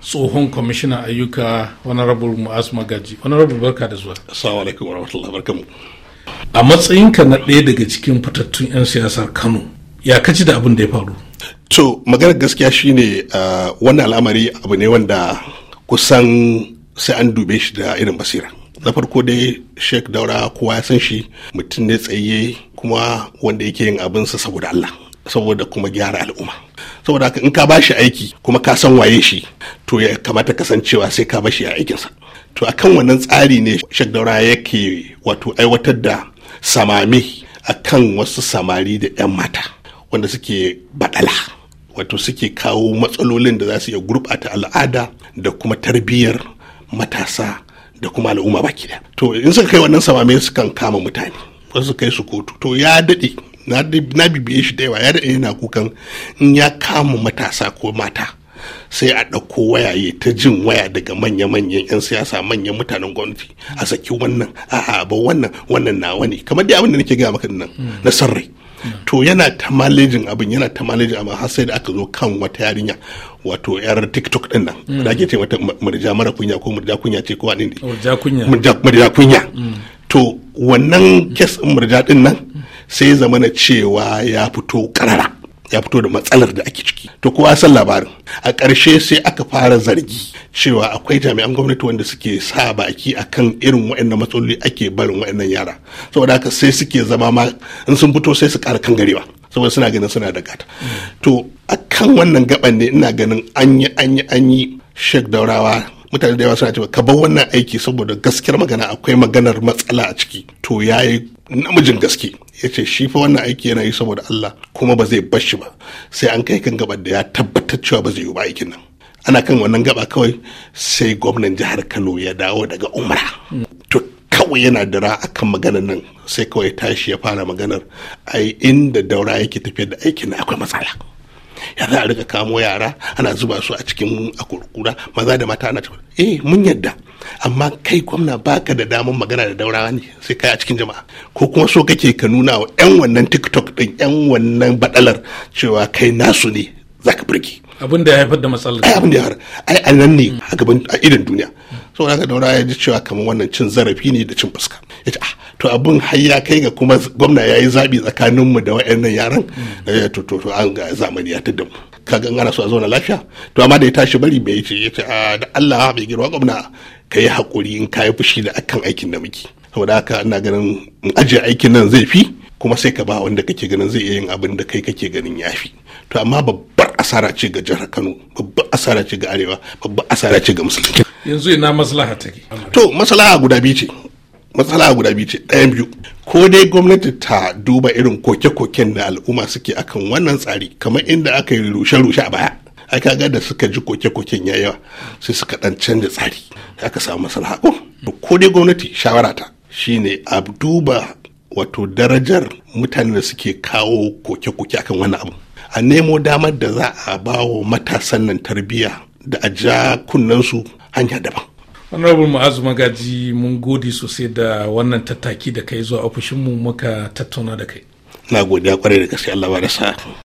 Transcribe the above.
tsohon kwamishinan ayyuka honorable mu'az magaji honorable barka da zuwa assalamu alaikum warahmatullahi barkamu a matsayinka na ɗaya daga cikin fitattun 'yan siyasar kano ya kaci da abin da ya faru to magana gaskiya shine ne wannan al'amari abu ne wanda kusan sai an dube shi da irin basira na farko dai sheik daura kowa ya san shi mutum ne tsaye kuma wanda yake yin abinsa saboda allah saboda kuma gyara al'umma saboda in ka bashi aiki kuma ka san waye shi to ya kamata kasancewa sai ka bashi a aikinsa to a kan wannan tsari ne shek yake wato aiwatar da samami a kan wasu samari da 'yan mata wanda suke baɗala wato suke kawo matsalolin da za su iya gurɓata al'ada da kuma tarbiyyar matasa da kuma al'umma baki da to in suka kai wannan samami su kan kama mutane wasu kai su kotu to ya daɗe na bibiye shi da yawa ya daɗe yana kukan in ya kama matasa ko mata sai a ɗauko wayaye ta jin waya daga manya-manyan 'yan siyasa manyan mutanen gwamnati a saki wannan a ba wannan wannan nawa ne kamar dai abin da nake gaya maka nan hmm. na sarrai hmm. to yana ta malejin abin yana ta malejin abin har sai da aka zo kan wata yarinya wato yar tiktok din nan hmm. da ake ce mata murja mara kunya ko murja kunya ce ko wani ne murja kunya to wannan kes murja din nan sai zamana cewa ya fito karara ya fito da matsalar da ake ciki to kowa san labarin a ƙarshe sai aka fara zargi cewa akwai jami'an gwamnati wanda suke sa baki akan irin waɗannan matsaloli ake barin waɗannan yara saboda haka sai suke zama ma in sun fito sai su ƙara kangarewa saboda suna ganin suna da gata to akan wannan gaban ne ina ganin an yi an yi an yi shek daurawa mutane da yawa suna cewa ka bar wannan aiki saboda gaskiyar magana akwai maganar matsala a ciki to ya yi namijin gaske ya ce shi fa wannan aiki yana yi saboda Allah kuma ba zai bar shi ba sai an kai kan gabar da ya tabbatar cewa ba zai yi ba aikin nan ana kan wannan gaba kawai sai gwamnan jihar Kano ya dawo daga umra to kawai yana dira akan maganar nan sai kawai tashi ya fara maganar ai inda daura yake tafiyar da aikin akwai matsala ya za a riga kamo yara ana zuba su a cikin akurkura maza da mata ana cikin eh mun yadda amma kai gwamna baka da damar magana da daurawa ne sai kai a cikin jama'a ko kuma so kake ka nuna wa yan wannan tiktok din yan wannan badalar cewa kai nasu ne za ka burge abin da ya haifar da matsalar ai abin da ya har ai a nan ne a gaban a idan duniya saboda haka daura ya ji cewa kamar wannan cin zarafi ne da cin fuska ya ce ah to abin har ya kai ga kuma gwamna ya yi zaɓi tsakaninmu da waɗannan yaran mm. eh, to to to an zamani ya tudun ga ana so a zauna lafiya to amma da ya tashi bari bai ce ya ce ah, da Allah bai girwa gwamna ka yi haƙuri in ka yi fushi da akan aikin da muke saboda haka ina ganin in ajiye aikin nan zai fi kuma sai ka ba wanda kake ganin zai iya yin abin da kai kake ganin ya fi to amma babbar asara ce ga jihar Kano babbar asara ce ga Arewa babbar asara ce ga musulunci yanzu ina maslaha take to maslaha guda biyu ce matsala guda biyu ce ɗayan biyu ko dai gwamnati ta duba irin koke-koken da al'umma suke akan wannan tsari kamar inda aka yi rushe-rushe a baya ai kaga da suka ji koke-koken ya yawa sai suka dan canza tsari aka samu maslaha ko dai gwamnati shawara ta shine a duba wato darajar mutanen da suke kawo koke-koke akan wannan abu a nemo damar da za a bawo matasan nan tarbiyya da a ja kunnensu hanya daban honorable ma'azu magaji mun gode sosai da wannan tattaki da kai zuwa ofishinmu muka tattauna da kai na godiya kwarai da gaske allah ba da sa'a